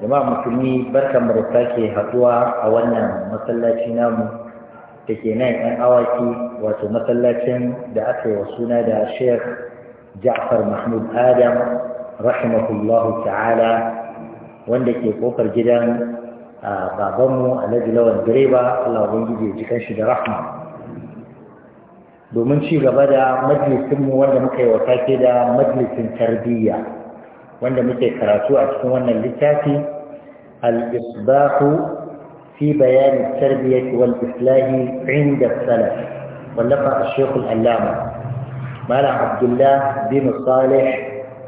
jama'a musulmi barkan mu da sake haduwa a wannan masallaci namu da ke nan yan awaki wato masallacin da aka yi wa suna da sheikh ja'far mahmud adam rahimahullahu ta'ala wanda ke kofar gidan babanmu alhaji lawan direba allah ubangiji ya ji kanshi da rahma domin ci gaba da majalisinmu wanda muka yi wa sake da majalisin tarbiyya wanda muke karatu a cikin wannan littafi al-isbahu fi bayani tarbiyyati wal islahi inda salaf wallafa al-shaykh al-allama mala abdullah bin salih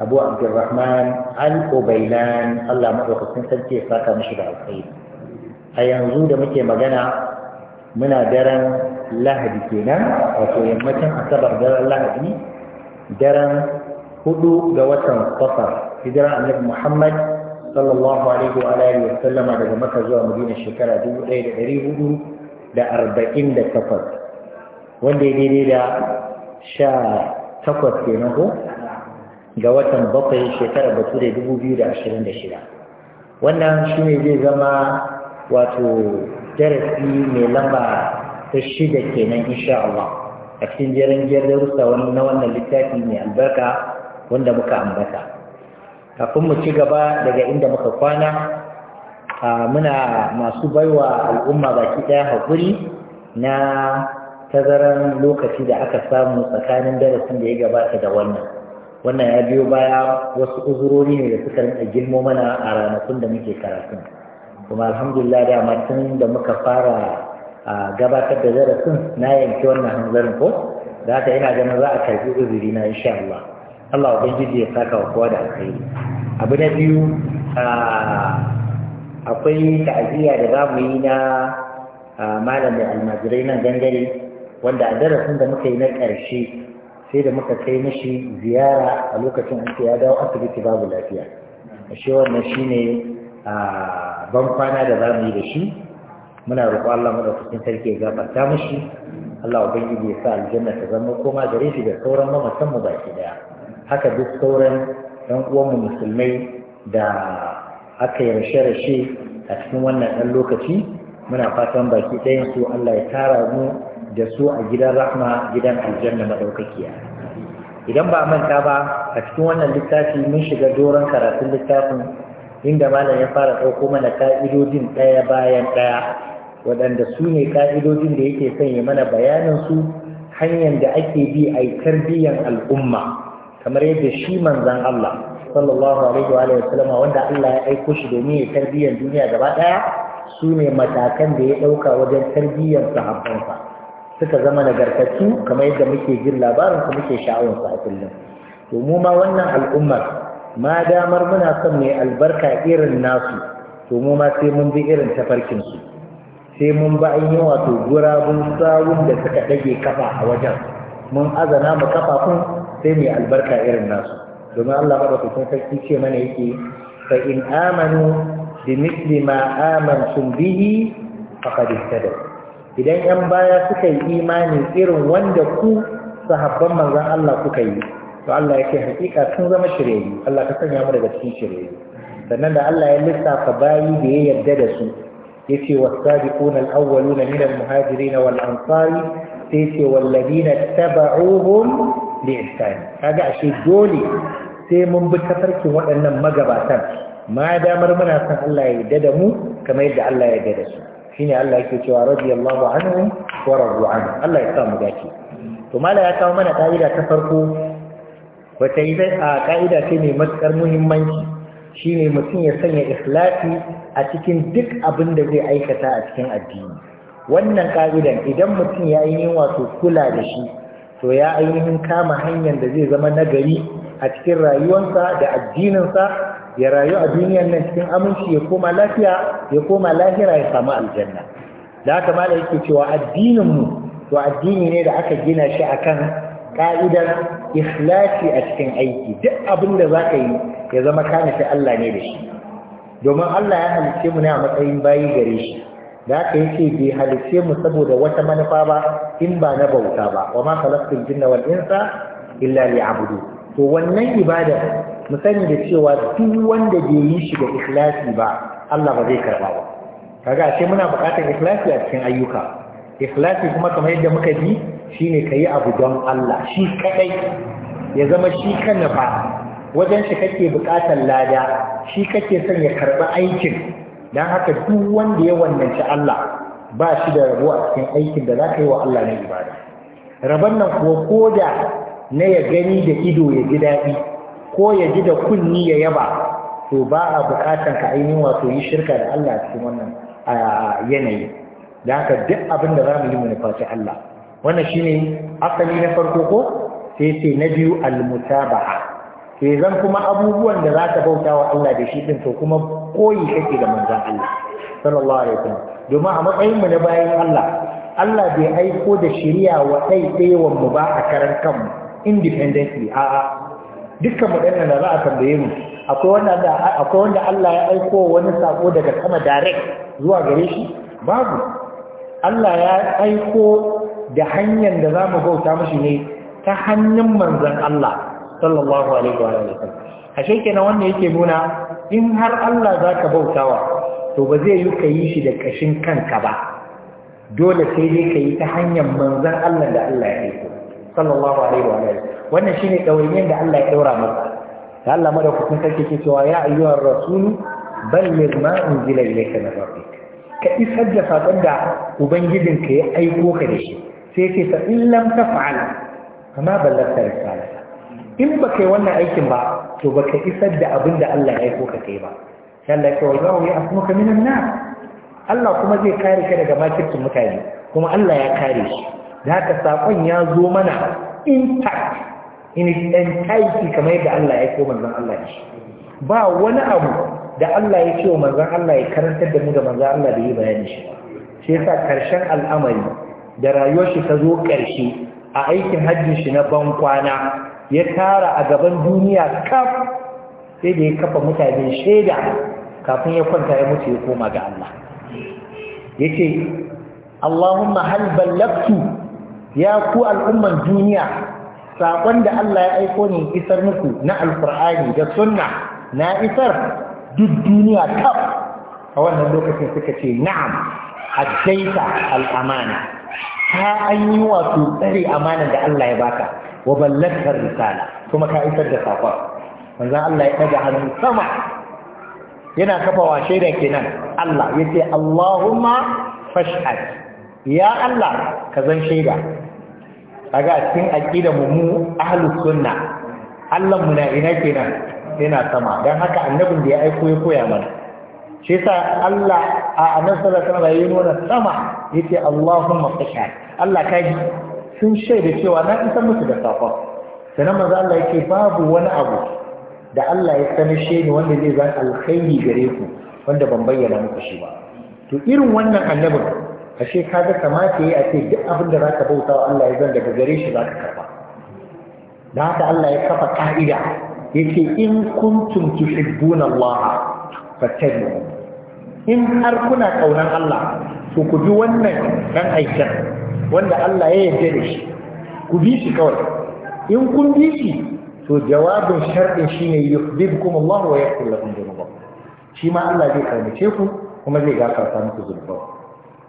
abu abdurrahman al-ubaylan Allah madaukakin sarki ya saka mishi da alkhairi a yanzu da muke magana muna daren lahadi kenan wato yammacin asabar daren lahadi daren hudu ga watan safar hijira annabi muhammad sallallahu alaihi wa alihi wa sallama daga maka zuwa madina shekara 1448 wanda ya daidai da sha takwas kenan ko ga watan bakwai shekara bature 2026 wannan shine zai zama wato darasi mai lamba ta shida kenan insha Allah a cikin jerin jerin rusa na wannan littafi mai albarka wanda muka ambata kafin mu ci gaba daga inda muka kwana muna masu baiwa al'umma baki ɗaya haƙuri na tazaran lokaci da aka samu tsakanin darasin da ya gabata da wannan wannan ya biyo baya wasu uzurori ne da suka rinka girmo mana a ranakun da muke karatun kuma alhamdulillah da tun da muka fara gabatar da darasin na yanke wannan hanzarin ko da haka ina ganin za a karbi uzuri na insha Allah ubangiji ya saka wa kowa da alkhairi abu na biyu akwai ta'aziyya da za mu yi na malamin almajirai nan gangare wanda a darasin da muka yi na ƙarshe sai da muka kai mishi ziyara a lokacin da ya dawo asibiti babu lafiya shi wannan shine ban kwana da za mu yi da shi muna roƙo Allah cikin sarki ya gafarta mishi Allah ubangiji ya sa aljanna ta zama koma gare shi da sauran mamatan mu baki daya haka duk sauran yan uwanmu musulmai da aka yi rashe-rashe a cikin wannan ɗan lokaci muna fatan baki ɗayan su Allah ya tara mu da su a gidan rahma gidan aljanna madaukakiya idan ba manta ba a cikin wannan littafi mun shiga doron karatun littafin inda malam ya fara ɗauko mana ka'idodin ɗaya bayan ɗaya waɗanda su ne ka'idodin da yake sanya mana bayanin su hanyar da ake bi a yi tarbiyyar al'umma kamar yadda shi manzan Allah sallallahu alaihi wa alihi wanda Allah ya aiko shi domin ya tarbiyyar duniya gaba daya su ne matakan da ya dauka wajen tarbiyyar sahabbansa suka zama nagartattu kamar yadda muke jin labarin su muke sha'awar su a kullum to mu ma wannan al'ummar ma damar muna son mai albarka irin nasu to mu ma sai mun bi irin tafarkin su sai mun ba yi wato gurabun sawun da suka dage kafa a wajen mun azana mu kafafun sai mai albarka irin nasu domin Allah madaukakin sarki ce mana yake fa in amanu bi misli ma amantum bihi faqad ihtadaw idan yan baya suka yi imani irin wanda ku sahabban manzon Allah kuka yi to Allah yake hakika sun zama shirye Allah ka sanya mu daga cikin shirye sannan da Allah ya lissafa bayi da ya yarda da su yace wasabiquna sabiquna al-awwaluna min al-muhajirin wal-ansari sai ce tabauhum bi ihsan kaga ashe dole sai mun bi tafarkin waɗannan magabatan ma damar muna san Allah ya yarda da mu kamar yadda Allah ya yarda da su shine Allah yake cewa radiyallahu anhum wa radu anhu Allah ya samu gaci to mala ya kawo mana ka'ida ta farko wata ita a ka'ida ce mai matukar muhimmanci shine mutum ya sanya ikhlasi a cikin duk abin da zai aikata a cikin addini wannan ƙa'idan idan mutum ya yi wato kula da shi to ya ainihin kama hanyar da zai zama nagari a cikin rayuwarsa da addininsa ya rayu a duniyar nan cikin aminci ya koma lafiya ya koma lahira ya samu aljanna da haka mala yake cewa addininmu to addini ne da aka gina shi akan ka'idar ikhlasi a cikin aiki duk abin da za ka yi ya zama kana Allah ne da shi domin Allah ya halicce mu ne a matsayin bayi gare shi da aka ce bai halicce mu saboda wata manufa ba in ba na bauta ba wa ma khalaqtul jinna wal insa illa liya'budu to wannan ibada mu sani da cewa duk wanda bai yi shi da ikhlasi ba Allah ba zai karba ba kaga ashe muna buƙatar ikhlasi a cikin ayyuka ikhlasi kuma kamar yadda muka ji shine kayi abu don Allah shi kadai ya zama shi kanka wajen shi kake buƙatar lada shi kake son ya karba aikin dan haka duk wanda ya wannanci Allah ba shi da rabo a cikin aikin da za ka yi wa Allah na ibada rabon nan kuwa ko da na ya gani da ido ya ji daɗi ko ya ji da kunni ya yaba to ba a buƙatar ka ainihin wato yi shirka da Allah a cikin wannan yanayi da haka duk abin da za mu yi mu nufaci Allah wannan shine asali na farko ko sai sai na biyu al almutabaha sai zan kuma abubuwan da za ka bauta wa Allah da shi ɗin to kuma koyi kake da manzan Allah sallallahu alaihi wasallam domin a matsayinmu na bayan Allah Allah bai aiko da shirya wa ɗaiɗaiwan mu ba a karan kanmu independently a'a dukkan mu da za a tambaye mu akwai wanda akwai wanda Allah ya aiko wani sako daga sama direct zuwa gare shi babu Allah ya aiko da hanyar da za mu bauta mashi ne ta hannun manzon Allah sallallahu alaihi wa sallam ashe kenan wanda yake nuna in har Allah zaka bautawa to ba zai yi yi shi da kashin kanka ba dole sai dai yi ta hanyar manzan Allah da Allah ya yi sallallahu alaihi wa sallam wannan shine dawainiyar da Allah ya daura masa da Allah madaukakin sarki ke cewa ya ayyuhar rasul balligh in unzila ilayka na rabbik ka isar da sakon da ubangijinka ya aiko ka da shi sai ce ta in lam taf'al kama ballagta risalata in ba yi wannan aikin ba to ba ka isar da abin da Allah ya ko ka kai ba Allah ya wallahu a kuma minan na? Allah kuma zai kare ka daga makircin mutane kuma Allah ya kare shi da haka saƙon ya zo mana intact in its entirety kamar yadda Allah ya aiko manzon Allah shi ba wani abu da Allah ya ce wa manzon Allah ya karantar da mu da manzon Allah da yi bayani shi shi yasa karshen al'amari da rayuwar shi ta zo karshe a aikin hajjin shi na ban kwana ya tara a gaban duniya kaf sai da ya kafa mutane shaida kafin ya kwanta ya mutu ya koma ga Allah yace Allahumma hal ballaktu ya ku al'umman duniya sakon da Allah ya aiko ni isar muku na alqur'ani da sunna na isar duk duniya kaf a wannan lokacin suka ce na'am addaita al'amana ta an yi wato tsare amanan da Allah ya baka wa ballagta risala kuma ka isar da sakon manzon Allah ya daga hannu sama yana kafawa shaida kenan Allah yace Allahumma fashhad ya Allah ka zan shaida kaga a cikin aqida mu mu ahlus sunna Allah mu na ina kenan yana sama dan haka annabin da ya aiko ya koya mana shi yasa Allah a annabi sallallahu alaihi wasallam ya yi nuna sama yace Allahumma fashhad Allah ka ji sun shaida cewa na isa musu da safa sanan maza Allah yake babu wani abu da Allah ya sanashe ni wanda zai zan alkhairi gare ku wanda ban bayyana muku shi ba to irin wannan annabin ashe ga kamata yayi a ce duk abin da zaka bauta wa Allah ya zan daga gare shi zaka karba da haka Allah ya kafa ka'ida yake in kuntum tuhibbuna Allah fattabi'u in har kuna kaunan Allah to ku bi wannan dan aikin wanda Allah ya yarda da shi ku bi shi kawai in kun bi shi to jawabin sharɗin shine yuhibbukum Allah wa yaghfir lakum dhunubakum shi ma Allah zai karmace ku kuma zai gafarta muku zunubanku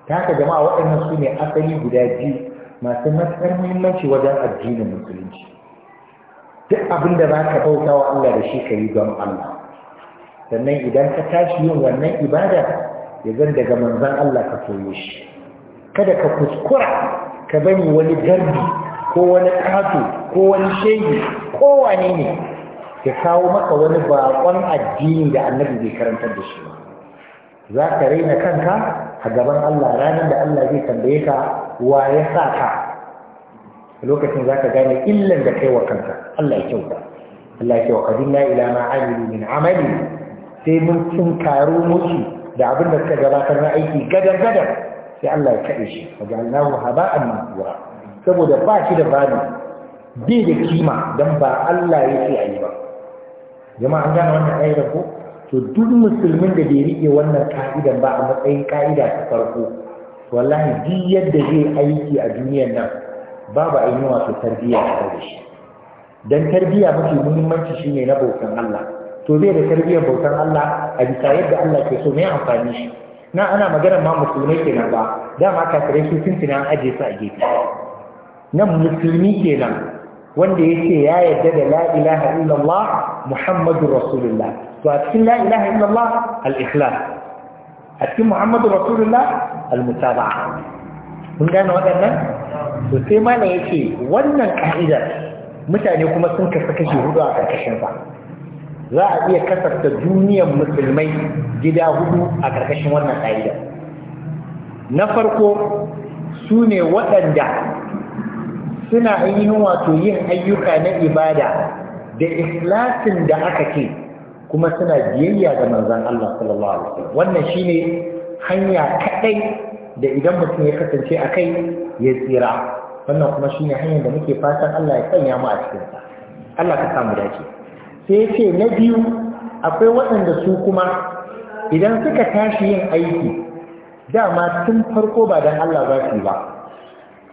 ta haka jama'a waɗannan su ne asali guda biyu masu matsar muhimmanci wajen addinin musulunci duk abin da za ka bauta wa Allah da shi ka yi don Allah sannan idan ka tashi yin wannan ibada ya zan daga manzan Allah ka koyo shi kada ka kuskura ka bani wani garbi ko wani ƙato ko wani shege ko wane ne ya kawo maka wani baƙon addini da annabi zai karantar da shi ba za ka raina kanka a gaban Allah ranar da Allah zai tambaye ka wa ya sa ka lokacin za ka gane illan da kai wa kanka Allah ya kyauta Allah ya kyauta qadinna ila ma amilu min amali sai mun tunkaru musu da abin da suka gabatar na aiki gadan gadan sai Allah ya kaɗe shi allahu haba haba'an kura saboda ba shi da bani bai da kima dan ba Allah ya ce yi ba jama'a an gane wannan ayar ko to duk musulmin da bai rike wannan ka'idan ba a matsayin ka'ida ta farko wallahi duk yadda zai aiki a duniyar nan babu ainihin wato tarbiyya a da shi dan tarbiyya mafi muhimmanci shine na bautan Allah to zai da tarbiyyar bautan Allah a bisa yadda Allah ke so mai amfani shi na ana maganar ma musulmai kenan ba dama kafirai su sun tunan ajiye su a gefe nan musulmi kenan wanda ya ce ya yarda da la ilaha illallah muhammadu rasulullah to a cikin la ilaha illallah al-ikhlas a cikin muhammadu rasulullah al-mutaba'a Mun gane waɗannan to sai ma ya ce wannan ka'idar mutane kuma sun kasa kashi hudu a ƙarƙashin sa za a iya kasarta duniyar musulmai gida hudu a ƙarƙashin wannan ƙa'idar na farko su ne waɗanda suna ainihin wato yin ayyuka na ibada da ikhlasin da aka ce kuma suna biyayya ga manzon Allah sallallahu alaihi wasallam wannan shine hanya kadai da idan mutum ya kasance a kai ya tsira wannan kuma shine hanyar da muke fatan Allah ya sanya mu a cikin sa Allah ka samu dace sai ce na biyu akwai waɗanda su kuma idan suka tashi yin aiki dama tun farko ba don Allah za su yi ba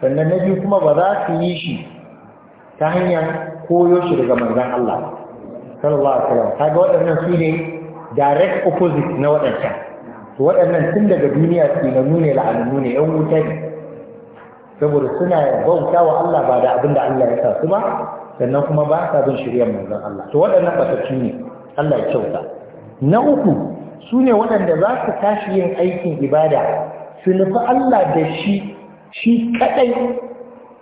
sannan na biyu kuma ba za su yi shi ta hanyar koyo shi daga manzan Allah sallallahu alaihi wasallam kaga waɗannan su ne direct opposite na waɗancan to waɗannan tun daga duniya su na nune la'annu ne yan wuta ne saboda suna bauta wa Allah ba da abin da Allah ya sa su ba sannan kuma ba sa bin shirya manzon Allah to waɗannan batacci ne Allah ya kyauta na uku su ne waɗanda za su tashi yin aikin ibada su nufi Allah da shi shi kaɗai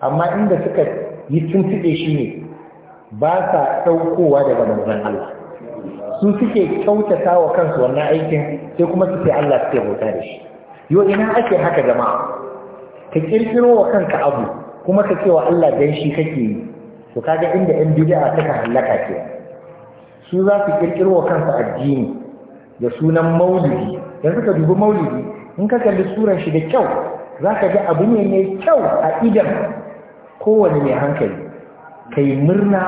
amma inda suka yi tuntuɗe shi ne ba sa ɗaukowa daga manzon Allah su suke kyautata wa kansu wannan aikin sai kuma suke Allah suke bauta da shi yo ina ake haka jama'a ka kirkiro wa kanka abu kuma ka cewa Allah dan shi kake yi to kaga inda yan bid'a suka hallaka ke su za su kirkiro kansu addini da sunan maulidi yanzu ka dubi maulidi in ka kalli suran shi da kyau za ka ga abu ne mai kyau a idan kowane mai hankali kai murna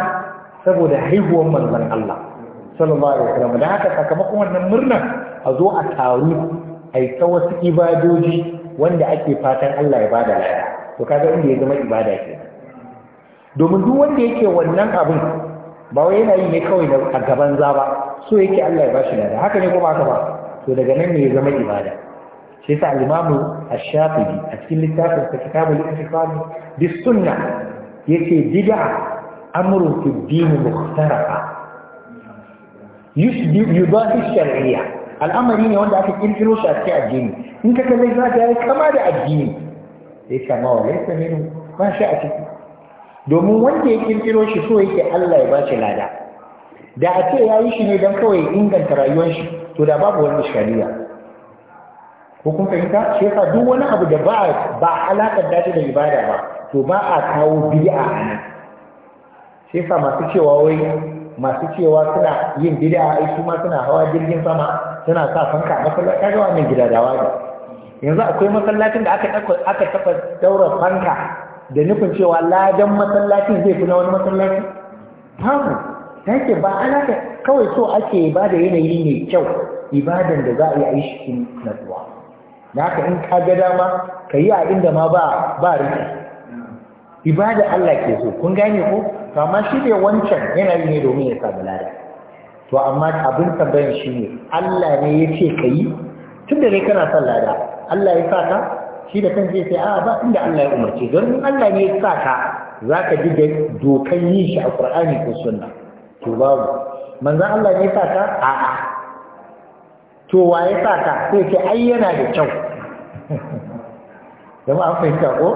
saboda haihuwar manzan Allah sallallahu alaihi wasallam da haka sakamakon wannan murnar a zo a taru a yi wasu ibadoji wanda ake fatan Allah ya bada lada to kaga inda ya zama ibada ke domin duk wanda yake wannan abin ba wai yana yi ne kawai a gaban za ba so yake Allah ya bashi lada haka ne kuma haka ba to daga nan ne ya zama ibada shi yasa al-Imam Ash-Shafi'i a cikin littafin sa Kitabul Istiqam bis sunna yace bid'a amru fi din mukhtarafa yushbi yudahi shar'iyya al'amari ne wanda aka kirkiro shi a cikin addini in ka kalle za ka yi kama da addini sai kama wa laysa minhu a sha'a domin wanda ya kirkiro shi so yake Allah ya bace lada da a ce yayi shi ne dan kawai inganta rayuwar shi to da babu wani shari'a ko kun fahimta shi yasa duk wani abu da ba ba alakar da da ibada ba to ba a kawo bid'a a nan shi masu cewa wai masu cewa suna yin bid'a ai kuma suna hawa jirgin sama suna sa fanka a masallaci ga wannan gidadawa ne yanzu akwai masallacin da aka aka tafa daura fanka da nufin cewa ladan masallacin zai fi na wani masallaci. babu ta yake ba ka kawai so ake ba da yanayi mai kyau ibadan da za a yi a yi shi natsuwa da haka in ka ga dama ka yi a inda ma ba ba ibada Allah ke so kun gane ko to shi ne wancan yanayi ne domin ya samu lada to amma abin tambayar shi ne Allah ne ya ce ka yi tun da ne kana son lada Allah ya sa ka shi da kan zai sai a ba inda Allah ya umarci don Allah ne ya sa ka za ka ji dokan yi shi a Qur'ani ko Sunna to babu manzon Allah ne ya sa ka a a to wa ya sa ka sai ce ai yana da kyau jama'a an fahimta ko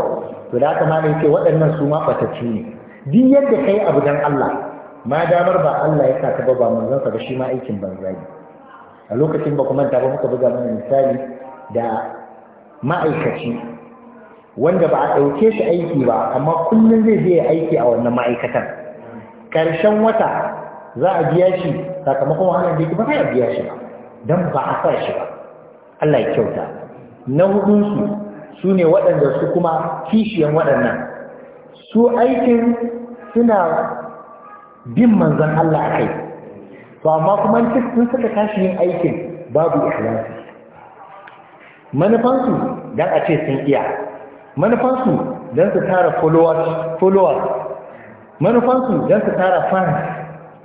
to da haka ne ce waɗannan su ma batacci ne duk yadda kai abu dan Allah ma damar ba Allah ya sa ka ba ba manzon ka ba shi ma aikin banza a lokacin ba ku manta ba muka buga mana misali da ma'aikaci wanda ba a ɗauke shi aiki ba amma kullum zai je aiki a wannan ma'aikatan ƙarshen wata za a biya shi sakamakon wahalar da yake ba a biya shi ba don ba a sa shi ba Allah ya kyauta na hudunsu su ne waɗanda su kuma kishiyan waɗannan su aikin suna bin manzan Allah a kai to amma kuma sun suka tashi yin aikin babu ikhlasi manufansu don a ce sun iya manufansu don su tara followers manufansu don su tara fans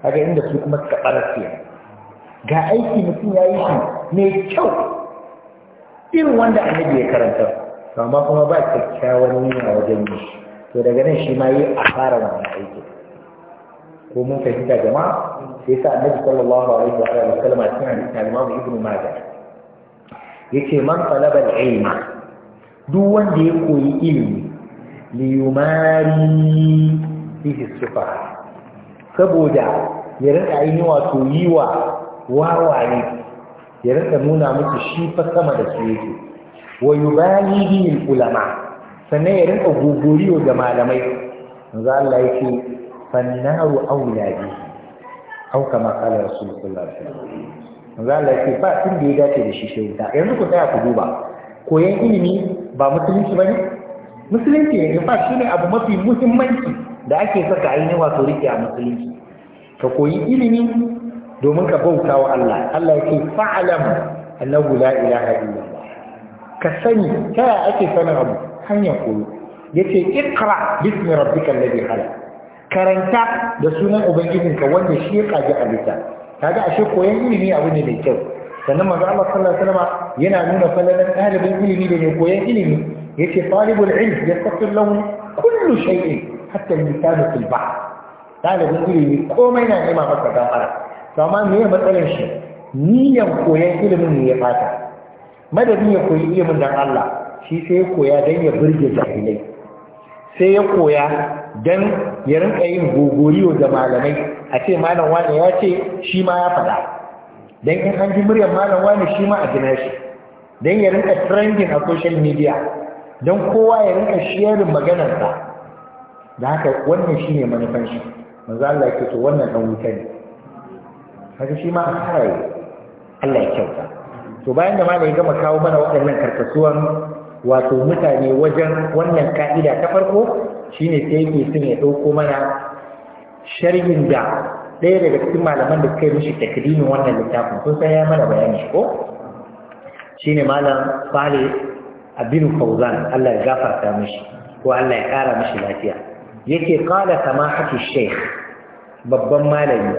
a ga inda su kuma suka ɓarasiya ga aiki mutum ya yi shi mai kyau irin wanda annabi ya karanta amma kuma ba kyakkyawan nuna wajen yi to daga nan shi ma yi a fara wannan aiki ko mun fahimta jama'a sai sa annabi sallallahu alaihi wa sallam a cikin hadisi al-Imam Ibn Majah yace man talaba ilma duk wanda ya koyi ilimi li yumari bihi saboda ya rika yi wato yiwa wawaye ya rika nuna musu shi fa sama da su yake wa yubali bihi ulama sannan ya rinka gogoriyo da malamai yanzu Allah ce fannaru aula bihi au kama qala rasul sallallahu alaihi wasallam manzo Allah ce ba tun da ya dace da shi shehu ta yanzu ku tsaya ku duba koyan ilimi ba musulunci ba ne? musulunci ne ba shi ne abu mafi muhimmanci da ake saka ainihin wato rike a musulunci ka koyi ilimi domin ka bauta wa Allah Allah yake fa'alam annahu la ilaha illallah ka sani ta yaya ake sanin abu hanyar koyo yace iqra bismi rabbikal ladhi khalaq karanta da sunan ubangijinka wanda shi ya kaji a littafi kaga ashe koyon ilimi abu ne mai kyau sannan manzo Allah sallallahu alaihi wasallam yana nuna falalan ɗalibin ilimi da mai koyon ilimi yace talibul ilm yastaqil lahu kullu shay'in hatta al-lisan fil bahr ɗalibin ilimi komai na nema masa gafara to amma me ya matsalar shi niyan koyon ilimin ne ya fata madadin ya koyi ilimin dan Allah shi sai ya koya dan ya burge jahilai sai ya koya don ya rinka yin gogoriyo da malamai a ce malam wani ya ce shi ma ya faɗa don in an ji muryar malam wani shi ma a gina shi don ya rinka trending a social media don kowa ya rinka sharing maganarsa da haka wannan shi ne manufan shi manzo Allah ke to wannan dan wuta ne haka shi ma a fara Allah ya kyauta to bayan da ya gama kawo mana waɗannan karkasuwan wato mutane wajen wannan ka'ida ta farko shine sai yake sun ya ɗauko mana sharhin da ɗaya daga cikin malaman da suka yi mishi takrimin wannan littafin sun san ya mana bayani ko shine malam Salih Abin Fauzan Allah ya gafarta mishi ko Allah ya ƙara mishi lafiya yake qala samahatu shaykh babban malami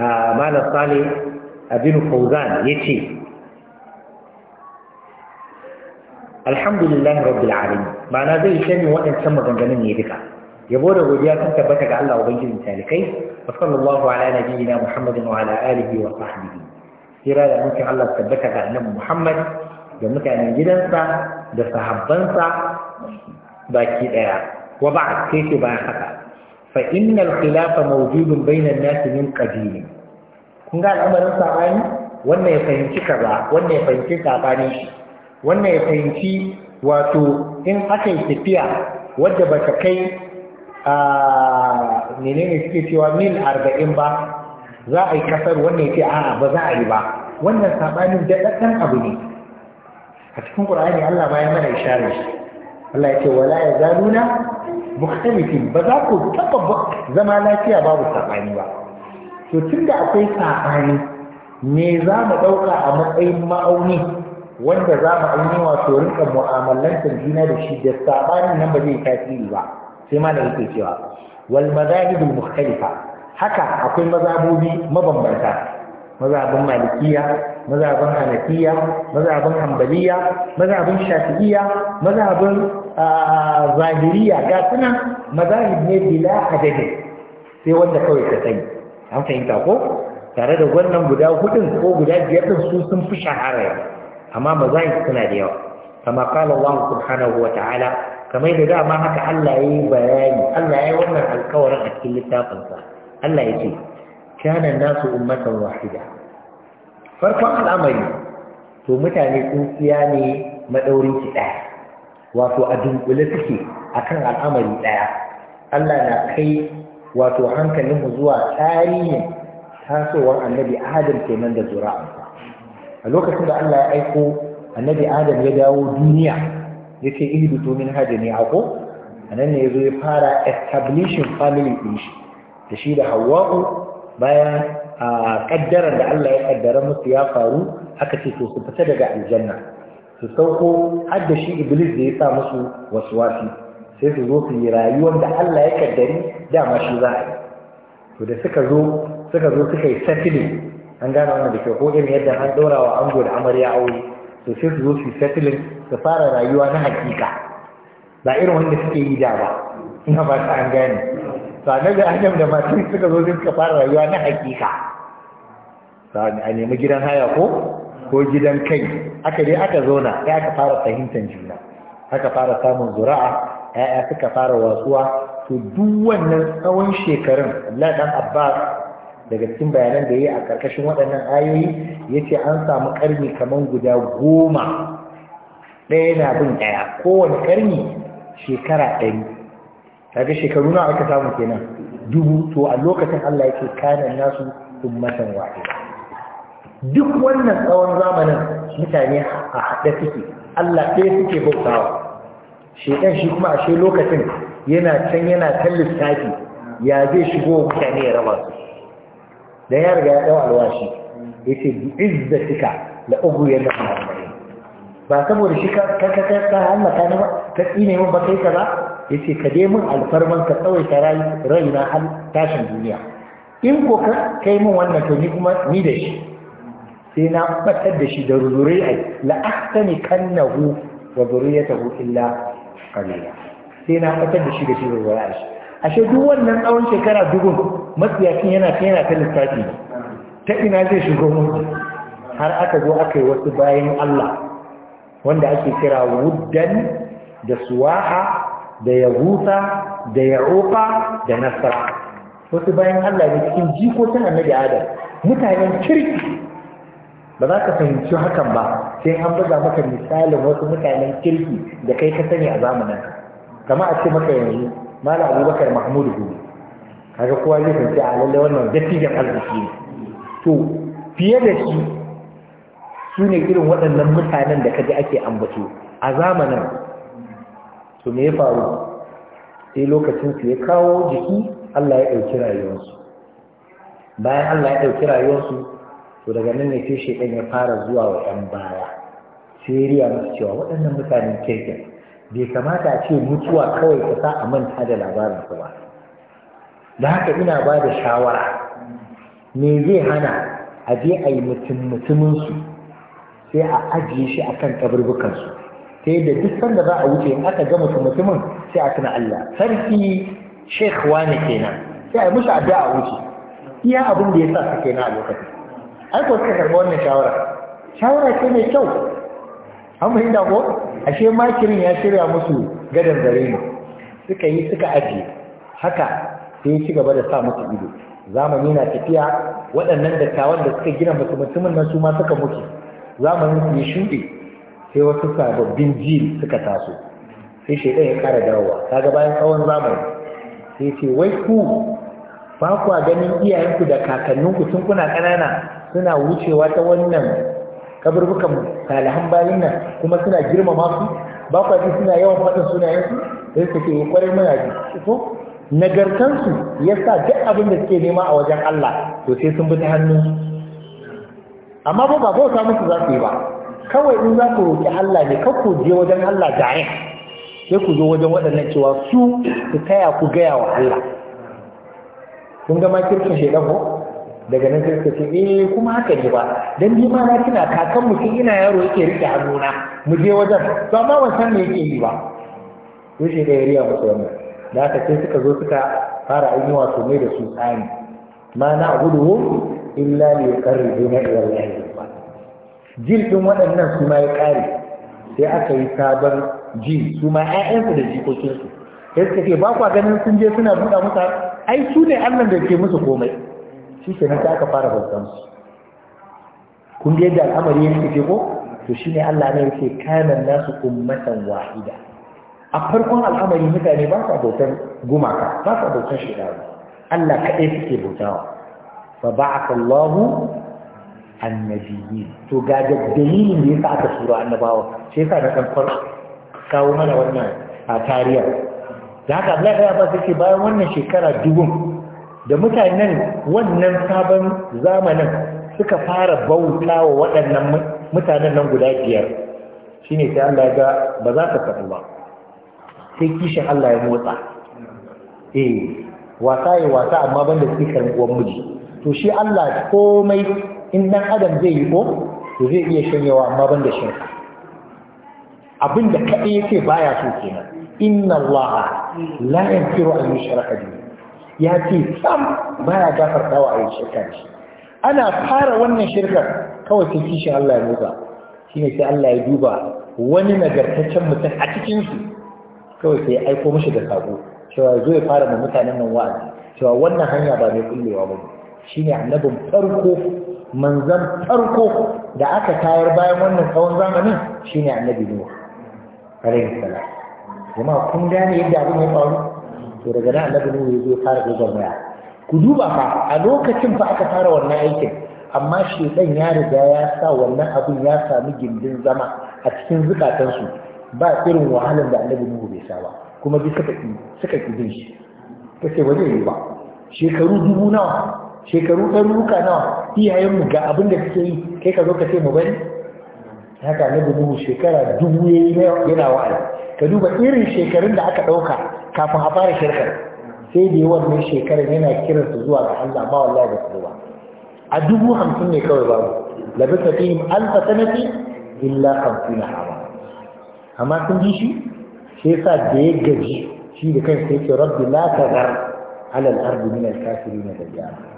a ah, malam Salih Abin Fauzan yace alhamdulillahi rabbil alamin ma'ana zai shani waɗancan maganganun ne duka yabo da godiya kan tabbata ga Allah ubangijin talikai wa sallallahu ala nabiyyina muhammadin wa ala alihi wa sahbihi kira da mutum Allah tabbata ga annabi muhammad da mutanen gidansa da sahabbansa baki daya wa ba sai ke bayan haka fa innal khilafa mawjudun bainan nas min qadim kun ga al'amarin sabani wannan ya fahimci kaza wannan ya fahimci sabani wannan ya fahimci wato in aka yi tafiya wadda ba ta kai a menene suke cewa mil arba'in ba za a yi kasar wannan ya ce a'a ba za a yi ba wannan saɓanin daɗaɗɗen abu ne a cikin ƙur'ani Allah ma ya mana isharar shi Allah ya ce wala ya zaluna mukhtalifin ba za ku taɓa zama lafiya babu saɓani ba to tunda akwai saɓani me za mu ɗauka a matsayin ma'auni wanda za mu ainihin wato rinka mu'amalantar juna da shi da na nan ba zai tasiri ba sai ma da yake cewa wal mazahibul mukhtalifa haka akwai mazabobi mabambanta mazhabin malikiya mazhabin hanafiya mazhabin hanbaliya mazhabin shafi'iya abin zahiriya ga sunan mazahib ne bila adadi sai wanda kawai ka sani an fahimta ko tare da wannan guda hudun ko guda biyar din su sun fi shahara amma mazahib suna da yawa kama qala Allah subhanahu wa kamar da dama haka Allah yayi bayani Allah yayi wannan alƙawarin a cikin littafin sa Allah yace kana nasu ummatan wahida farkon al'amari to mutane tsintsiya ne madaurin ki daya wato a dunkule suke akan al'amari daya Allah na kai wato mu zuwa tarihin tasowar annabi Adam kenan da zura'ansa a lokacin da Allah ya aiko annabi Adam ya dawo duniya ya ce ihbitu min hajani a anan ne yazo ya fara establishing family ɗin shi da shi da Hawwa'u bayan a kaddarar da Allah ya kaddara musu ya faru aka ce to su fita daga aljanna su sauko har da shi Iblis da ya sa musu waswasi sai su zo su yi rayuwar da Allah ya kaddari dama shi za a yi to da suka zo suka zo suka yi settling an gane wannan da kyau ko irin yadda an ɗora wa ango da amarya aure to sai su zo su settle su fara rayuwa na hakika ba irin wanda suke yi da ba ina ba ta an gane to annabi adam da matan suka zo suka fara rayuwa na hakika a nemi gidan haya ko ko gidan kai aka dai aka zauna sai aka fara fahimtar juna aka fara samun zura'a ya'ya suka fara wasuwa to duk wannan tsawon shekarun Allah dan Abbas daga cikin bayanan da ya yi a ƙarƙashin waɗannan ayoyi ya ce an samu ƙarni kamar guda goma ɗaya na bin ɗaya kowane ƙarni shekara ɗari kaga shekaru na aka samu kenan dubu to a lokacin Allah ya ce kanan nasu ummatan wahida duk wannan tsawon zamanin mutane a haɗe suke Allah ɗaya suke bautawa shekan shi kuma ashe lokacin yana can yana kan lissafi ya zai shigo mutane ya raba su dan ya riga ya dau alwashi yace bi izzatika la ughwiya lahum ajma'in ba saboda shi ka ka ka ka Allah ka ba ka tsine mun ba kai ka ba yace ka dai mun alfarman ka tsawai ta raina har tashin duniya in ko ka kai mun wannan to ni kuma ni da shi sai na batar da shi da zuri'ai la ahtani kannahu wa zuriyatahu illa qalila sai na batar da shi da shi da zuri'ai ashe duk wannan tsawon shekara dubu matsiyacin yana ta yana ta lissafi ta ina zai shigo mutu har aka zo aka yi wasu bayan Allah wanda ake kira wuddan da suwaha da yahuta da ya'uqa da nasara wasu bayan Allah ne cikin jiko ta annabi Adam mutanen kirki ba za ka fahimci hakan ba sai an buga maka misalin wasu mutanen kirki da kai ka sani a zamanin kama a ce maka yanzu mala abubakar mahmudu gobe kaga kowa zai fahimci a ah, lallai wannan dattijan arziki ne to fiye da shi su ne irin waɗannan mutanen da kaji ake ambato a zamanin to me ya faru sai lokacin su ya kawo jiki Allah ya ɗauki rayuwarsu bayan Allah ya ɗauki rayuwarsu to daga nan ne sai shekan ya fara zuwa wa ‘yan baya sai ya riya musu cewa waɗannan mutanen kirkin bai kamata a ce mutuwa kawai ta sa a manta da labarin ba da haka ina ba da shawara me zai hana a je a yi mutum mutuminsu sai a ajiye shi a kan kaburbukansu ta yadda duk sanda za a wuce in aka ga mutum mutumin sai a tuna Allah sarki sheikh wane kenan sai a yi musu addu'a a wuce iya abin da ya sa su kenan a lokacin ai ko suka karɓi wannan shawara shawara ce mai kyau an fahimta ko ashe makirin ya shirya musu gadar gare ne suka yi suka ajiye haka sai ya ci gaba da sa musu ido zamani na tafiya waɗannan dattawan da suka gina musu mutumin nan su ma suka mutu zamanin su ya shuɗe sai wasu sababbin jil suka taso sai shaidan ya ƙara dawowa kaga bayan tsawon zamani sai ce wai ku ba ganin iyayenku da kakanninku tun kuna ƙanana suna wucewa ta wannan kaburbukan talahan bayan nan kuma suna girmama su ba kwa suna yawan faɗin sunayensu da su ke kwarai mana ji ko nagartansu ya sa duk abin da suke nema a wajen Allah to sai sun bi ta hannun amma ba ba bauta musu za su yi ba kawai in za ku roƙi Allah ne kar ku je wajen Allah dare sai ku zo wajen waɗannan cewa su su taya ku gaya wa Allah kun ga makirkin kirkin shaidan ko daga nan sai ce eh kuma haka ne ba dan ni ma na kina kakan mu ina yaro yake rike hannuna mu je wajen to amma ban san me yake yi ba to shi da yariya musu wannan da aka ce suka zo suka fara ainihin wato mai da su tsani ma na gudu illa li yuqarribuna ila Allah jil din waɗannan su ma ya kare sai aka yi sabon ji su ma ƴaƴansu da jikokinsu sai suka ce ba kwa ganin sun je suna buɗa musu ai su ne Allah da ke musu komai shi ke aka fara bautan kun yadda al'amari ya fice ko to shine Allah ne yake kana nasu ummatan wahida a farkon al'amari mutane ba sa bautan gumaka ba sa bautan shekaru Allah kaɗai suke bautawa fa ba'atha Allah annabiyyin to ga dalilin da yasa aka tura annabawa sai yasa na kan kawo mana wannan a tariya da haka Allah ya ba sai bayan wannan shekara dubun da mutanen wannan sabon zamanin suka fara bauta wa waɗannan mutanen nan guda biyar shi ne sai Allah ga ba za ka faɗi ba sai kishin Allah ya motsa eh wasa ya wasa amma banda tsikan uwan miji to shi Allah komai in dan adam zai yi ko to zai iya shanyewa amma banda shirka abinda kaɗai yake baya so kenan inna Allah la yanfiru an yushraka bihi ya ce sam baya gafarta wa ayi shirka shi ana fara wannan shirkar kawai sai kishin Allah ya Shi ne sai Allah ya duba wani nagartaccen mutum a cikinsu. kawai sai ya aiko mashi da sako cewa zo ya fara ma mutanen nan wa'azi cewa wannan hanya ba mai kullewa ba ne annabin farko manzan farko da aka tayar bayan wannan tsawon zamanin ne annabi Nuh alaihi salam jama'a kun gane yadda abin ya faru to daga nan annabi nuhu ya zo fara waya ku duba fa a lokacin fa aka fara wannan aikin amma shedan ya riga ya sa wannan abin ya sami gindin zama a cikin zukatansu ba irin wahalar da annabi nuhu bai saba, ba kuma bi suka ki suka ki bin shi kace ce waje yi ba shekaru dubu nawa shekaru ɗaruruka nawa iyayenmu ga abin da suke yi kai ka zo ka ce mu bari haka na nuhu shekara dubu yana wa'azi ka duba irin shekarun da aka ɗauka kafin a fara shirkar sai da yawan mai shekarar yana su zuwa ga Allah ba wallahi ba su ba a dubu hamsin ne kawai babu labisa alfasa alfa sanati illa hamsin hawa amma sun ji shi sai yasa da ya gaji shi da kansa yake rabbi la tazar ala al-ardi min al na dajjal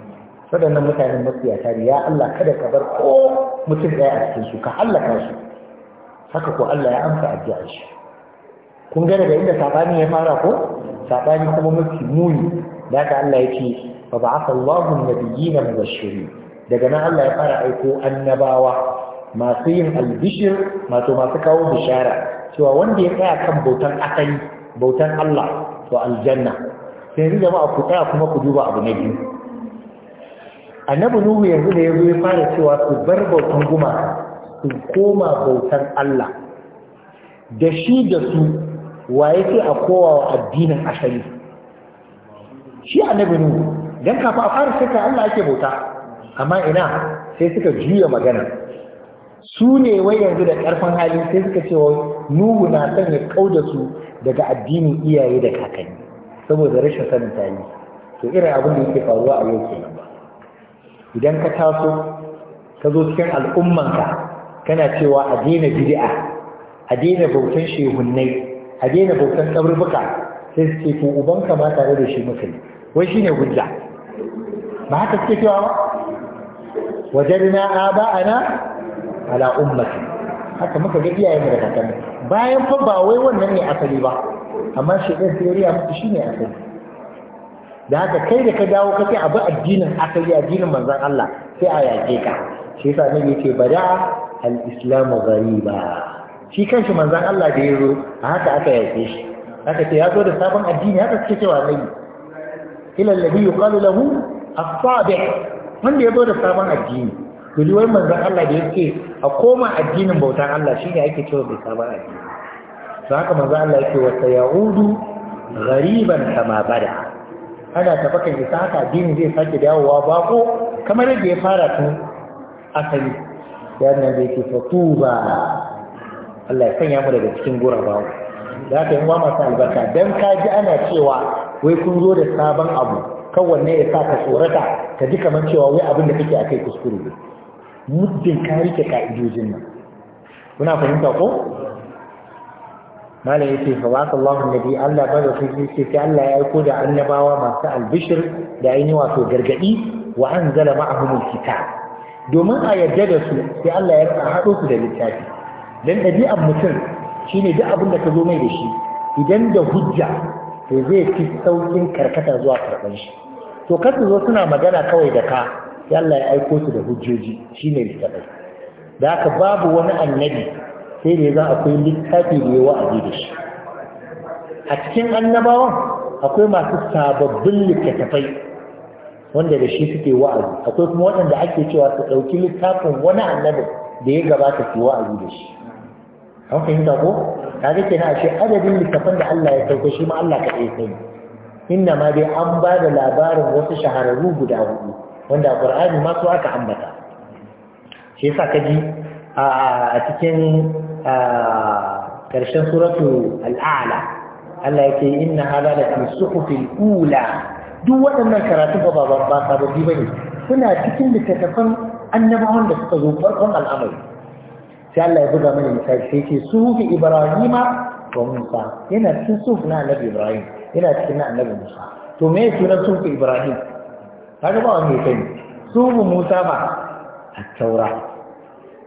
waɗannan mutanen mafiyata ne ya Allah kada ka bar ko mutum ɗaya a cikin su ka hallaka su haka ko Allah ya amsa addu'a shi kun ga daga inda sabani ya fara ko sabani kuma mafi muni da haka Allah yake fa ba'atha Allahu nabiyina mubashirin daga nan Allah ya fara aiko annabawa masu yin albishir masu masu kawo bishara cewa wanda ya tsaya kan bautan asali bautan Allah to aljanna sai yanzu jama'a ku tsaya kuma ku duba abu na biyu annabi nuhu yanzu da ya zo ya fara cewa su bar bautan guma su koma bautan Allah da shi da su wa yake a kowa wa addinin asali shi annabi nuhu dan kafa a fara saka Allah ake bauta amma ina sai suka juya magana su ne wai yanzu da karfin hali sai suka cewa nuhu na son ya kauda su daga addinin iyaye da kakanni saboda rashin sanin tarihi to irin abin da yake faruwa a yau kenan ba idan ka taso ka zo cikin al'ummanka kana cewa a daina bid'a a daina bautan shehunnai a daina bautan kaburbuka sai su ce ko ubanka ma tare da shi muka yi wai shi ne hujja ba haka suke cewa ba a na? ala ummati haka muka ga iyayen da kakanni bayan fa ba wai wannan ne asali ba amma shedan theory mutu ne asali da haka kai da ka dawo ka ce abu addinin asali addinin manzon Allah sai a yage ka shi yasa ne yake bada al-islamu ghariba shi kanshi manzan Allah da yazo a haka aka yake shi haka ce ya zo da sabon addini haka suke cewa nabi ila alladhi yuqalu lahu as-sabih wanda ya zo da sabon addini to liwai manzon Allah da yake a koma addinin bautan Allah shine ake cewa da sabon addini to haka manzon Allah yake wa sayaudu ghariban kama bada ana tafakan isa haka dini zai sake dawowa ko, kamar yadda ya fara tun asali ya nan yake fatu ba. Allah ya sanya mu daga cikin ba ko. da haka yin masu albarka dan ka ji ana cewa wai kun zo da sabon abu kawanne ya sa ka tsorata ka ji kamar cewa wai abin da kake akai kuskure muddin ka rike ka'idojin nan kuna fahimta ko malam yace fa wasu Allahu nabi Allah ba da sai ce sai Allah ya aiko da annabawa masu albishir da ainihin wato gargadi wa anzala ma'ahum alkitab domin a yarda da su sai Allah ya rika hado su da littafi dan dabi'an mutum shine duk abin da ka zo mai da shi idan da hujja to zai fi saukin karkata zuwa karban shi to kar su zo suna magana kawai da ka sai Allah ya aiko su da hujjoji shine littafi da haka babu wani annabi sai da za akwai littafi da ya wa'azi da shi a cikin annabawan akwai masu sababbin littattafai wanda da shi suke wa'azi akwai kuma waɗanda ake cewa su ɗauki littafin wani annabin da ya gabata su wa'azi da shi an fahimta ko ta ga kenan a ce adadin littafan da Allah ya sauka shi ma Allah ka ɗaya sani inna ma dai an ba da labarin wasu shahararru guda hudu wanda a ƙur'ani ma su aka ambata shi yasa ka ji a cikin ƙarshen suratu al'ala Allah yake inna hada da fi suhufil ula duk waɗannan karatu ba ba ba sababbi bane suna cikin littattafan annabawan da suka zo farkon al'amari sai Allah ya buga mana misali sai yake suhufi ibrahima wa musa yana cikin suhuf na annabi ibrahim yana cikin na annabi musa to me sunan suhufi ibrahim kaga ba wani ya sani suhufi musa ba a taura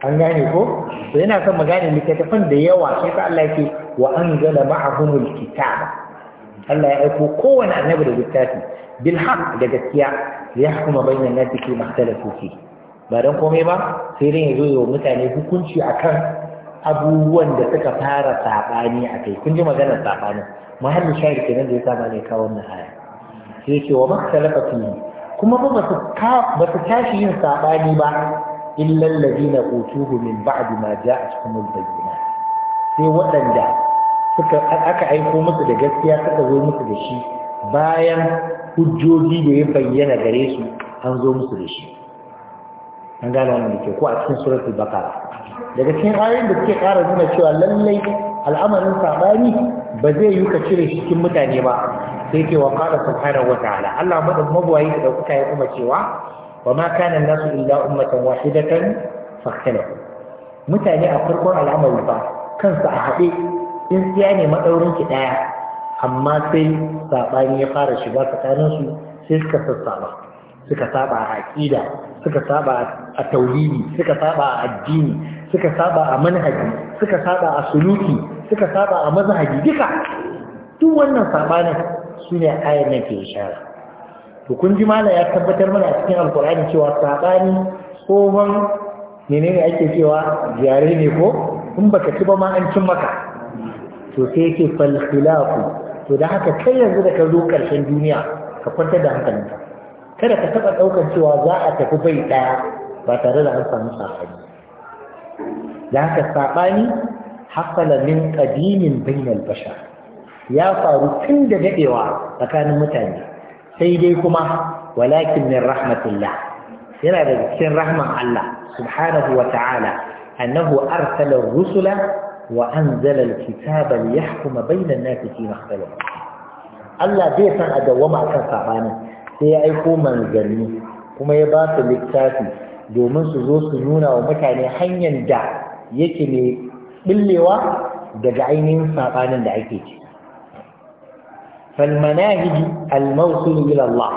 an gane ko to yana son mu gane littattafan da yawa sai sa Allah yake wa anzala ma'ahumul kitaba Allah ya aiko kowane annabi da littafi bil da gaskiya liyahkuma bainan nasi fi mahtalafu fi ba dan komai ba sai dai yazo wa mutane hukunci akan abubuwan da suka fara sabani akai kun ji maganar sabani muhalli shahid kenan da ya saba ne kawo wannan aya sai ce wa mahtalafa kuma ba ba su tashi yin sabani ba illa alladhina utuhu min ba'di ma ja'atkumul bayyinat sai waɗanda suka aka aiko musu da gaskiya suka zo musu da shi bayan hujjoji da ya bayyana gare su an zo musu da shi an gane wannan ke ko a cikin suratul baqara daga cikin ayoyin da suke ƙara nuna cewa lallai al'amarin sabani ba zai yi ka cire shi cikin mutane ba sai ke wa qala subhanahu wa ta'ala Allah madan mabwayi da kuka ya kuma cewa wa ma kana nasu illa ummatan wahidatan fakhtalafu mutane a farkon al'amari ba kansa a haɗe in siya ne maɗaurin ki ɗaya amma sai saɓani ya fara shiga tsakaninsu sai suka sassaba suka saba a aƙida suka saba a tauhidi suka saba a addini suka saba a manhaji suka saba a suluki suka saba a mazhabi duka duk wannan saɓanin su ne ayan nan ke ishara to kun ji malaya ya tabbatar mana a cikin alkur'ani cewa ban nene ne ake cewa jare ne ko in baka ci ba ma an cin maka to sai yake fal khilafu to da haka kai yanzu da ka zo karshen duniya ka kwantar da hankali kada ka taba ɗaukar cewa za a tafi bai ɗaya ba tare da an samu sabani da haka saɓani hasala min qadimin bainal bashar ya faru tun da daɗewa tsakanin mutane sai dai kuma walakin min rahmatillah yana da cikin rahman Allah subhanahu wa ta'ala annahu arsala rusula wa anzala alkitaba liyahkuma bayna an-nasi fima ikhtalafu Allah zai san a dawwama akan sabani sai ya aiko manzanni kuma ya ba su littafi domin su zo su nuna wa mutane hanyar da yake ne billewa daga ainihin sabanin da ake ci فالمناهج الموصول إلى الله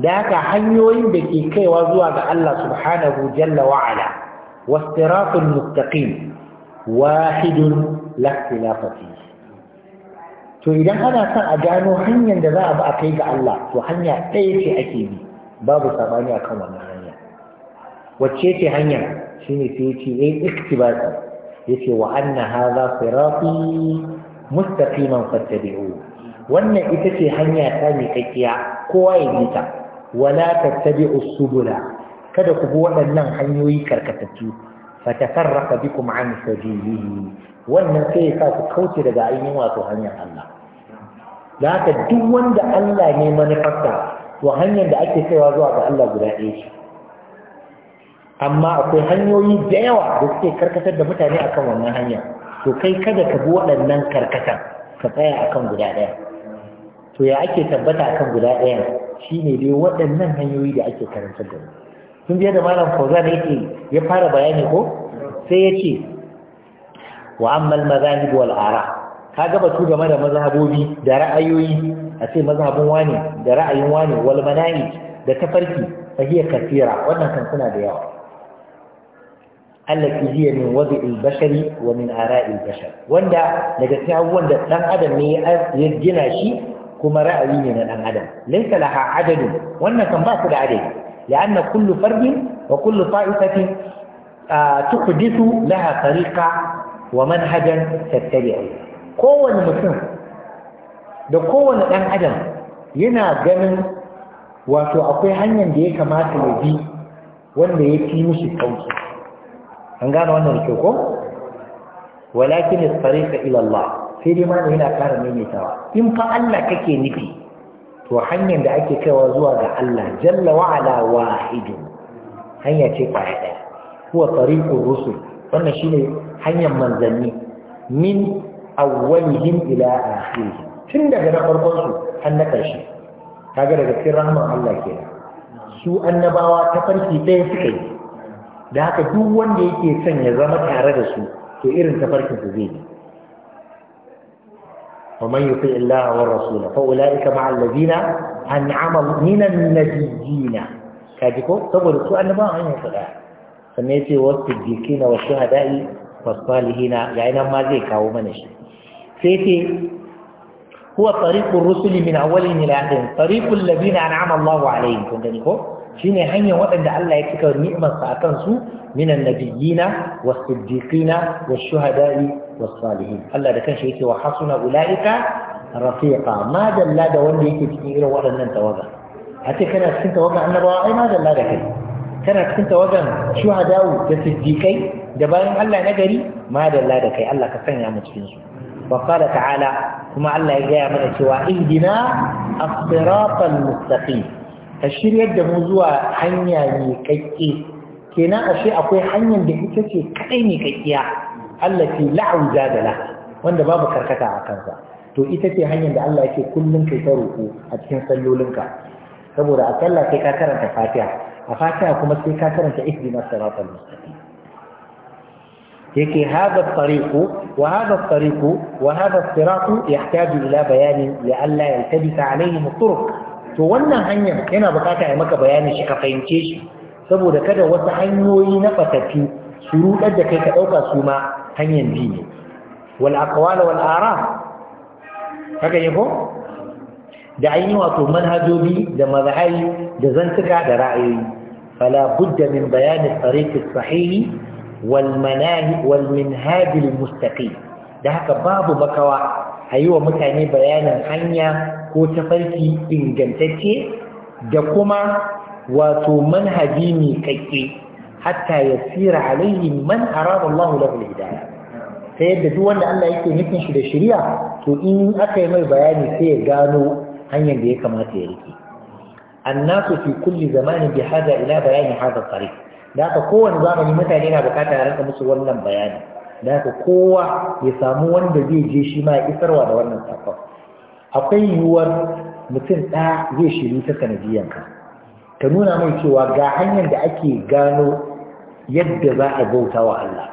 ذاك حنيوين بكي كي وزوى الله سبحانه جل وعلا واستراط المتقين واحد لا فيه to idan ana son a gano hanyar da za a bi a kai ga Allah to hanya ɗaya ce ake bi babu sabani akan wannan hanya wacce ce hanya shine sai wa anna hadha sirati wannan ita ce hanya ta miƙaƙiya kowa ya bi ta wala tattabi'u usubula kada ku bi waɗannan hanyoyi karkatattu fatafarraqa bikum an sabilihi wannan sai ya sa ku kauce daga ainihin wato hanyar Allah da haka duk wanda Allah ne manufarsa to hanyar da ake kaiwa zuwa ga Allah guda ɗaya ce amma akwai hanyoyi da yawa da suke karkatar da mutane akan wannan hanya to kai kada ka bi waɗannan karkatar ka tsaya akan guda ɗaya to ya ake tabbata kan guda ɗayan shine dai waɗannan hanyoyi da ake karantar da sun biya da malam fauzan yake ya fara bayani ko sai ya ce wa ammal mazahib wal ara kaga batu game da mazhabobi da ra'ayoyi a ce mazhabin wani da ra'ayin wani wal manahij da tafarki fahiya kasira wannan kan suna da yawa allati hiya min wadi'il bashari wa min ara'il bashar wanda daga cikin abubuwan da dan adam ne ya gina shi kuma ra'ayi ne na ɗan'adam adam laysa laha wannan kan ba su da adadi lianna kullu fardin wa kullu ta'ifatin tuhdithu laha tariqa wa manhajan tattabi'u kowane mutum da kowane ɗan adam yana ganin wato akwai hanyar da ya kamata ya bi wanda ya fi mishi sauki an gane wannan da kyau ko walakin tariqa ila Allah sai dai mana yana ƙara maimaitawa in fa Allah kake nufi to hanyar da ake kaiwa zuwa ga Allah jalla wa'ala wahidun hanya ce kwaya ɗaya huwa tariqur rusul wannan shine hanyar manzanni min awwalihim ila akhirihim tun daga na farkon su har na ƙarshe kaga daga cikin rahman Allah kenan su annabawa ta farki ɗaya suka yi da haka duk wanda yake son ya zama tare da su to irin tafarkin su zai yi ومن يطيع الله والرسول فأولئك مع الذين أنعم من النبيين كاتبوا تقول سوء أن ما عين فلا سميتي وسط الدكين والشهداء والصالحين يعني ما ذيك أو من شيء سيتي هو طريق الرسل من اولهم إلى اخرهم طريق الذين أنعم الله عليهم كنت shine hanyar waɗanda Allah ya cika ni'imarsa a kansu minan nabiyina was-siddiqina wash-shuhada'i wa salihin Allah da kanshi yake wa hasuna ulaika rafiqa ma dalla da wanda yake cikin irin waɗannan tawaga a ce kana cikin tawagan annabawa ai ma dalla da kai kana cikin tawagan shuhada'u da siddiqai da bayan Allah na gari ma dalla da kai Allah ka sanya mu cikin su wa qala ta'ala kuma Allah ya gaya mana cewa ihdina as-siratal mustaqim ka shiryar da mu zuwa hanya mai kakke kenan ashe akwai hanyar da ita ce kadai mai kakkiya Allah ce la'u jadala wanda babu karkata a kansa to ita ce hanyar da Allah yake kullun kai ta roƙo a cikin sallolinka saboda a sallah sai ka karanta Fatiha a Fatiha kuma sai ka karanta ihdinas siratal mustaqim yake hada tariqu wa hada tariqu wa hada siratu yahtaju ila bayanin la alla yaltabisa alayhi turuq to wannan hanyar yana bukata ya maka bayani shi ka fahimce shi saboda kada wasu hanyoyi na fatafi su rudar da kai ka dauka su ma hanyar bi ne wal aqwal wal ara kaga da ainihin wato manhajobi da mazhabi da zantuka da ra'ayoyi fala budda min bayani tariq sahih wal manahi wal minhaj al-mustaqim da haka babu makawa ayi wa mutane bayanin hanya ko tafarki ingantacce da kuma wato manhaji mai kakke hatta ya tsira alaihi man arada Allah lahu ta yadda duk wanda Allah yake nufin shi da shari'a to in aka yi mai bayani sai ya gano hanyar da ya kamata ya rike annasu fi kulli zamanin bi hada ila bayani hada tsari da aka kowane zamani mutane na bukata a musu wannan bayani da aka kowa ya samu wanda zai je shi ma ya isarwa da wannan sakon akwai yiwuwar mutum ɗaya zai shiru ta sanadiyanka ka nuna mai cewa ga hanyar da ake gano yadda za a bauta wa Allah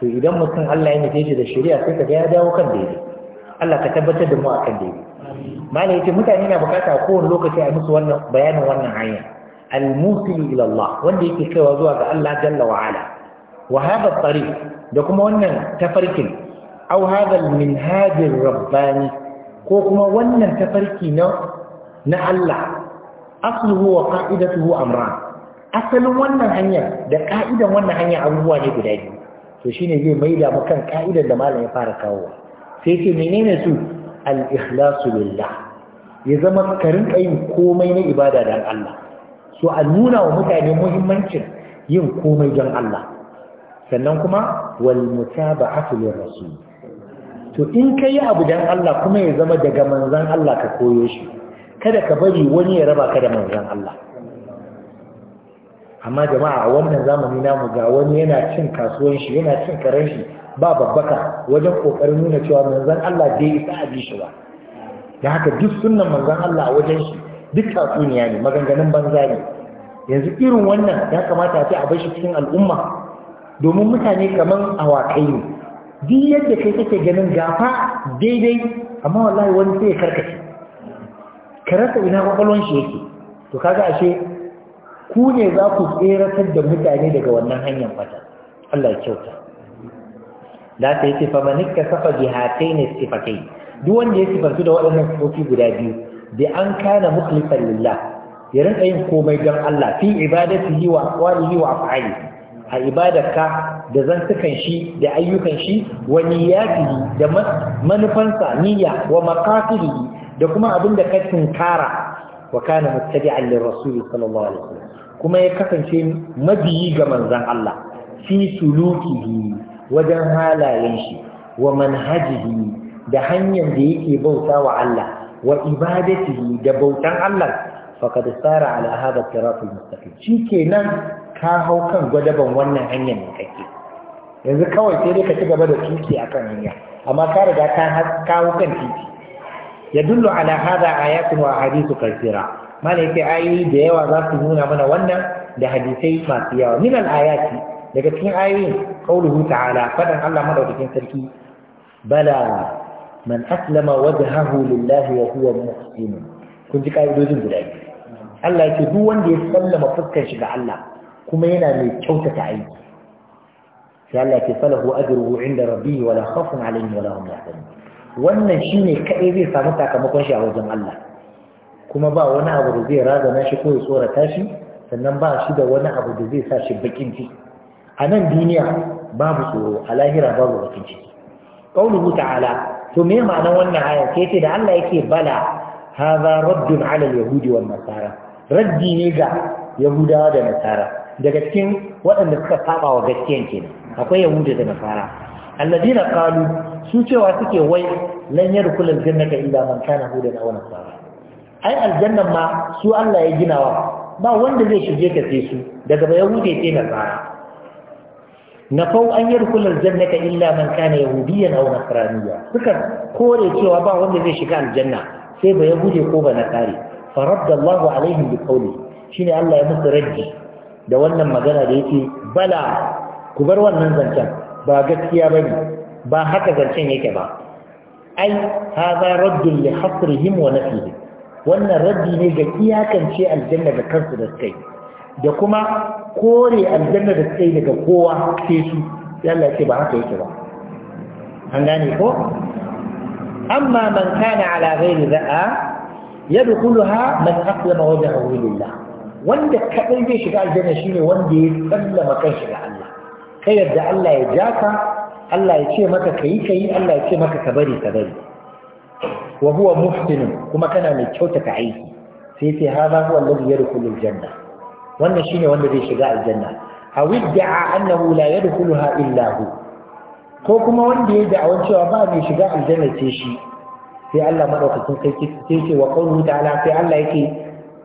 to idan mutum Allah ya nufe shi da shari'a sai ka ga ya dawo kan daidai Allah ka tabbatar da mu a kan daidai mala yace mutane na bukata kowane lokaci a musu wannan bayanin wannan hanya al-musili ila Allah wanda yake kaiwa zuwa ga Allah jalla wa ala wa hada da kuma wannan tafarkin aw hada al-minhaj rabbani ko kuma wannan tafarki na na Allah asluhu wa qa'idatuhu amran asalin wannan hanya da ka'idan wannan hanya abubuwa ne guda biyu to shine zai maida mu kan ka'idan da malam ya fara kawo sai ce menene su al-ikhlasu lillah ya zama ka rinka yin komai na ibada don Allah so a nuna wa mutane muhimmancin yin komai don Allah sannan kuma wal mutaba'atu lir rasul to in ka yi abu don Allah kuma ya zama daga manzan Allah ka koyo shi kada ka bari wani ya raba ka da manzan Allah amma jama'a a wannan zamani namu ga wani yana cin kasuwan shi yana cin karen shi ba babbaka wajen kokarin nuna cewa manzan Allah dai isa a bi shi ba da haka duk sunnan manzan Allah a wajen shi duk tatsuniya ne maganganun banza ne yanzu irin wannan ya kamata a ce a bar shi cikin al'umma domin mutane kaman awakai ne duk yadda kai kake ganin gafa daidai amma wallahi wani sai ya karkace ka rasa ina kwakwalwan shi yake to kaga ashe ku ne za ku tseratar da mutane daga wannan hanyar fata Allah ya kyauta da ta yi sifa manika safa bihatai ne kai. duk wanda ya sifantu da waɗannan sifofi guda biyu da an kana mukhlisan lillah ya rinka yin komai don Allah fi ibadatihi wa aqwalihi wa af'alihi a ibadarka da zantukan shi da ayyukan shi wa niyyatihi da manufansa niyya wa maqasidihi da kuma abin da ka tunkara wa kana muttabi'an rasul sallallahu alaihi wasallam kuma ya kasance mabiyi ga manzon Allah fi sulukihi wajen halayen shi wa manhajihi da hanyar da yake bauta wa Allah wa ibadatihi da bautan Allah faqad sara ala hadha shi mustaqim shikenan ka hau kan gwadaban wannan hanyar da kake yanzu kawai sai dai ka ci gaba da tuki akan hanya amma ka riga ka kawo kan titi ya dullu ala hada ayatun wa hadithu kathira mana yake ayoyi da yawa za su nuna mana wannan da hadisai masu yawa min al ayati daga cikin ayoyin qauluhu ta'ala fadan Allah madaukakin sarki bala man aslama wajhahu lillahi wa huwa muslim kun ji kaidojin guda biyu Allah yake duk wanda ya sallama fuskar shi ga Allah kuma yana mai kyautata aiki sai Allah ke falahu ajruhu inda rabbihi wala khawfun alaihim wala hum yahzanun wannan shine kadai zai samu sakamakon shi a wajen Allah kuma ba wani abu da zai razana shi ko ya tsora shi sannan ba shi da wani abu da zai sa shi bakin ciki a nan duniya babu tsoro a lahira babu bakin ciki qauluhu ta'ala to me ma'anar wannan aya sai ce da Allah yake bala hadha raddun ala al-yahudi wan nasara raddi ne ga yahudawa da nasara daga cikin waɗanda suka saba wa gaskiyan kenan akwai yahuda da nasara alladina qalu su cewa suke wai lan yadkhul aljannata illa man kana hudan aw nasara ai aljanna ma su Allah ya gina wa ba wanda zai shige ka sai su daga ba yahude sai nasara nafau an yadkhul aljannata illa man kana yahudiyan aw nasraniya suka kore cewa ba wanda zai shiga aljanna sai ba yahude ko ba nasari faradda Allahu alaihim biqawli shine Allah ya musu raddi da wannan magana da yake bala ku bar wannan zancen ba gaskiya bane ba haka zancen yake ba ai haza raddun li hasrihim wa nafihim wannan raddi ne ga iyakance aljanna da kansu da kai da kuma kore aljanna da kai daga kowa sai su sai Allah ya ce ba haka yake ba an gane ko amma man kana ala ghairi za'a yadkhuluha man aslama wajhahu lillah wanda kaɗai zai shiga aljanna shine wanda ya tsallama kan shiga Allah ka yarda Allah ya ja ka Allah ya ce maka kayi kayi Allah ya ce maka ka bari ka bari wa huwa muhsinun kuma kana mai kyautata aiki sai ce hada huwa alladhi janna wannan shine wanda zai shiga aljanna aw a annahu la yadkhuluha illa hu ko kuma wanda ya da'awan cewa ba mai shiga aljanna ce shi sai Allah madaukakin sarki sai ce wa qawluhu ta'ala sai Allah yake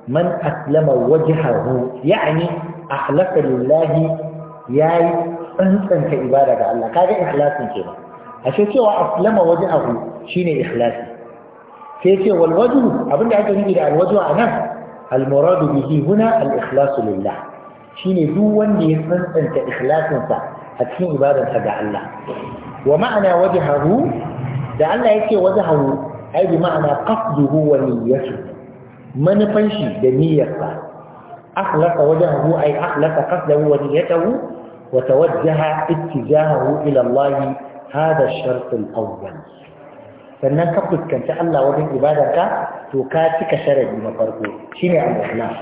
man aslama wajhahu yani ahlaka lillahi yayi tsantsanta ibada ga Allah kaga ikhlasin kenan ashe cewa aslama wajhahu shine ikhlasi sai ce wal wajhu abinda aka nufi da al wajhu anan al muradu bihi huna al ikhlasu lillah shine duk wanda ya tsantsanta ikhlasinsa a cikin ibadarsa ga Allah wa ma'ana wajhahu da Allah yake wajhahu ai bi ma'ana qasduhu wa niyyatuhu manufan shi da niyyarsa akhlasa wajhahu ay akhlasa qasdahu wa niyyatahu wa tawajjaha ittijahahu ila Allah hada ash-shart al-awwal sannan ka fuskanci Allah wajen ibadarka to ka cika sharadi na farko shine al-ikhlas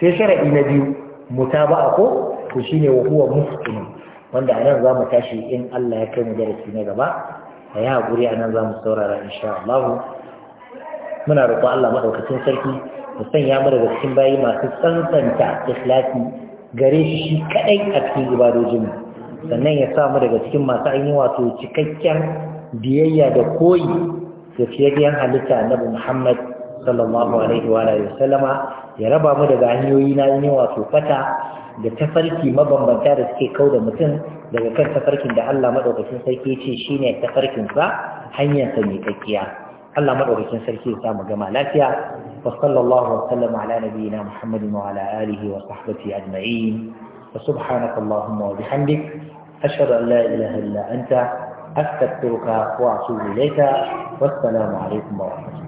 sai sharadi na biyu mutaba'a ko to shine wa huwa muhsin wanda anan zamu tashi in Allah ya kai mu darasi na gaba ya hakuri anan zamu saurara insha Allah muna roƙon Allah maɗaukacin sarki mu sanya mu daga cikin bayi masu tsantsanta ikhlasi gare shi shi kaɗai, a cikin ibadojinmu sannan ya sa mu daga cikin masu yi wato cikakken biyayya da koyi da fiyayyen halitta annabi Muhammad sallallahu alaihi wa alihi wasallama ya raba mu daga hanyoyi na yin wato fata da tafarki mabambanta da suke kau da mutum daga kan tafarkin da Allah maɗaukacin sarki ce shine tafarkin sa hanyar sa mai kakkiya الله مره كان سلكي سامة جماعة لاتيا وصلى الله وسلم على نبينا محمد وعلى آله وصحبه أجمعين وسبحانك اللهم وبحمدك أشهد أن لا إله إلا أنت أستغفرك وأتوب إليك والسلام عليكم ورحمة الله